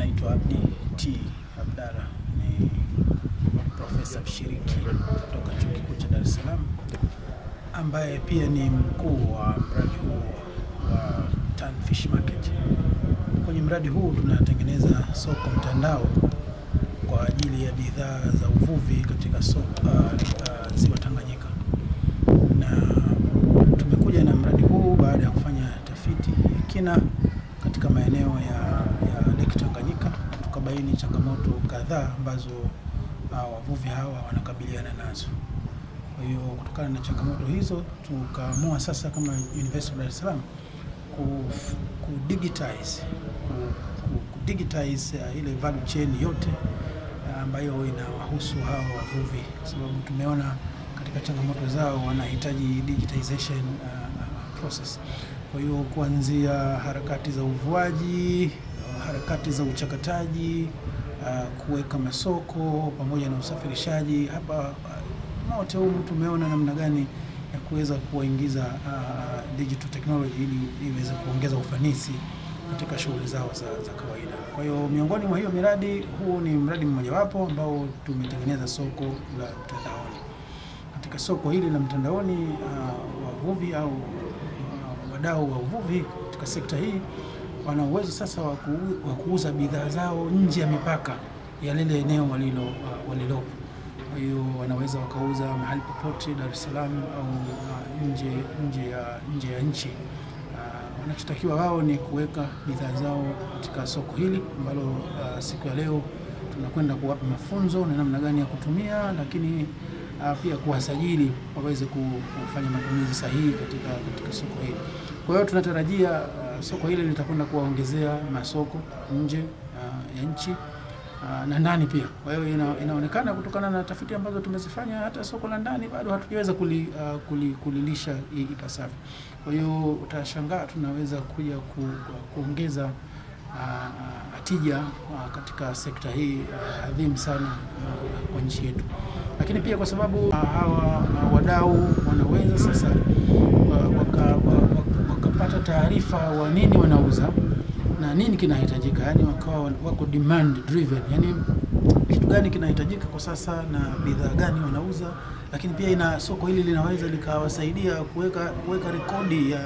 Naitwa Abdi T Abdalla, ni profesa mshiriki kutoka Chuo Kikuu cha Dar es Salaam ambaye pia ni mkuu wa mradi huu wa Tan Fish Market. Kwenye mradi huu tunatengeneza soko mtandao kwa ajili ya bidhaa za uvuvi katika soko uh, uh Ziwa Tanganyika na tumekuja na mradi huu baada ya kufanya tafiti ya kina Hizi ni changamoto kadhaa ambazo uh, wavuvi hawa wanakabiliana nazo. Kwa hiyo kutokana na changamoto hizo, tukaamua sasa kama University of Dar es Salaam ku digitize ku digitize uh, ile value chain yote uh, ambayo inawahusu hawa wavuvi, kwa sababu tumeona katika changamoto zao wanahitaji digitization uh, process. Kwa hiyo kuanzia harakati za uvuaji harakati za uchakataji uh, kuweka masoko pamoja na usafirishaji hapa uh, wote uh, humu tumeona namna gani ya kuweza kuwaingiza uh, digital technology ili iweze kuongeza ufanisi katika shughuli zao za, za kawaida. Kwa hiyo miongoni mwa hiyo miradi, huu ni mradi mmojawapo ambao tumetengeneza soko la mtandaoni. Katika soko hili la mtandaoni uh, wavuvi au uh, wadau wa uvuvi katika sekta hii wana uwezo sasa wa kuuza bidhaa zao nje ya mipaka ya lile eneo walilo uh, walilopo. Kwa hiyo wanaweza wakauza mahali popote Dar es Salaam au uh, nje nje ya nje ya nchi. Uh, wanachotakiwa wao ni kuweka bidhaa zao katika soko hili ambalo uh, siku ya leo tunakwenda kuwapa mafunzo na namna gani ya kutumia, lakini uh, pia kuwasajili waweze kufanya matumizi sahihi katika, katika soko hili. Kwa hiyo tunatarajia uh, soko hili litakwenda kuwaongezea masoko nje uh, ya nchi uh, na ndani pia. Kwa hiyo ina, inaonekana kutokana na tafiti ambazo tumezifanya hata soko la ndani bado hatujaweza kuli, uh, kuli, kulilisha ipasavyo. Kwa hiyo utashangaa tunaweza kuja ku, kuongeza uh, uh tija uh, katika sekta hii uh, adhimu sana uh, kwa nchi yetu, lakini pia kwa sababu uh, hawa uh, wadau wanaweza vifaa wa nini wanauza na nini kinahitajika, yani wakawa wako demand driven, yani kitu gani kinahitajika kwa sasa na bidhaa gani wanauza. Lakini pia ina soko hili linaweza likawasaidia kuweka kuweka rekodi ya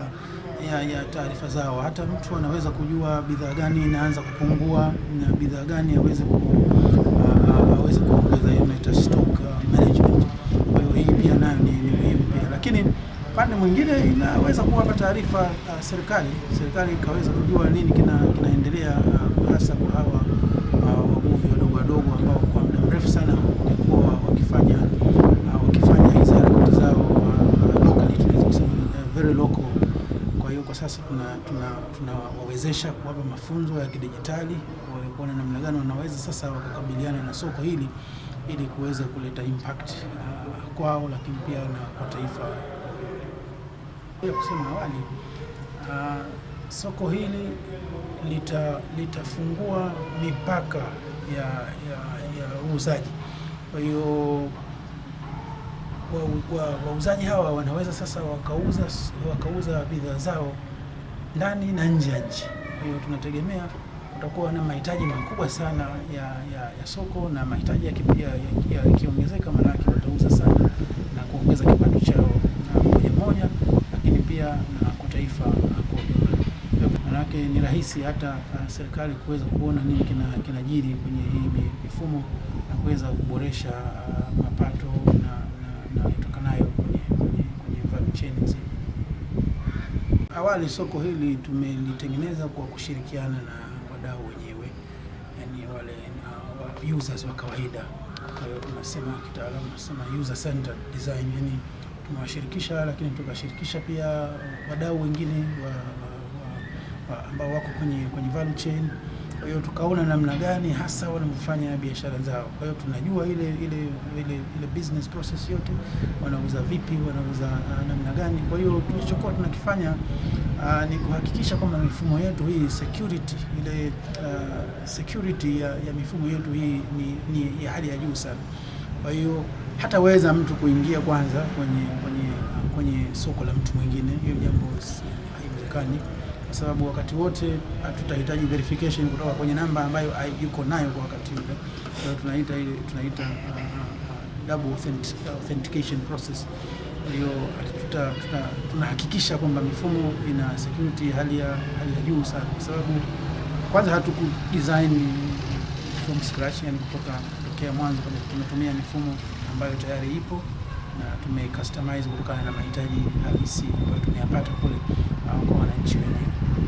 ya, ya taarifa zao. Hata mtu anaweza kujua bidhaa gani inaanza kupungua na bidhaa gani aweze ku aweze kuongeza, stock uh, management. Kwa hiyo hii pia nayo ni muhimu pia, lakini upande mwingine inaweza kuwapa taarifa uh, serikali serikali ikaweza kujua nini kina, kinaendelea uh, hasa kwa hawa uh, wavuvi wadogo wadogo ambao kwa muda mrefu sana wamekuwa wakifanya uh, wakifanya hizi harakati zao uh, locally tunaweza kusema uh, very local. Kwa hiyo kwa sasa tunawawezesha tuna, tuna kuwapa mafunzo ya kidijitali kuona namna gani wanaweza sasa wakakabiliana na soko hili ili kuweza kuleta impact uh, kwao, lakini pia na kwa taifa. Kusema awali uh, soko hili lita, litafungua mipaka ya ya uuzaji kwa hiyo wauzaji wa, wa hawa wanaweza sasa wakauza wakauza bidhaa zao ndani na nje ya nchi. Kwa hiyo tunategemea kutakuwa na mahitaji makubwa sana ya, ya, ya soko na mahitaji yakiongezeka, ya, ya, ya, maanake watauza sana na kuongeza kipato chao familia na kwa taifa kwa ujumla. Manake ni rahisi hata uh, serikali kuweza kuona nini kinajiri kina kwenye hii mifumo na kuweza kuboresha uh, mapato na itokanayo kwenye, kwenye, kwenye value chain nzima. Awali soko hili tumelitengeneza kwa kushirikiana na wadau wenyewe, yani wale uh, users wa kawaida. Kwa hiyo tunasema kitaalamu tunasema user centered design yani tumewashirikisha, lakini tukashirikisha pia wadau wengine wa, wa, wa, ambao wako kwenye, kwenye value chain. Kwa hiyo tukaona namna gani hasa wanavyofanya biashara zao. Kwa hiyo tunajua ile ile ile ile business process yote, wanauza vipi, wanauza ah, namna gani. Kwa hiyo tulichokuwa tunakifanya Uh, ni kuhakikisha kwamba mifumo yetu hii security ile uh, security ya, ya mifumo yetu hii ni, ni ya hali ya juu sana. Kwa hiyo hataweza mtu kuingia kwanza kwenye kwenye kwenye soko la mtu mwingine. Hiyo jambo haiwezekani, kwa sababu wakati wote tutahitaji verification kutoka kwenye namba ambayo yuko nayo kwa wakati ule. Kwa hiyo tunaita ile tunaita uh, uh double authentic, authentication process ndio tuta, tuta, tunahakikisha kwamba mifumo ina security hali ya hali ya juu sana, kwa sababu kwanza hatuku design from scratch, yani kutoka tokea mwanzo tumetumia mifumo ambayo tayari ipo na customize kutokana na mahitaji halisi ambayo tumeyapata kule uh, kwa wananchi wenyewe.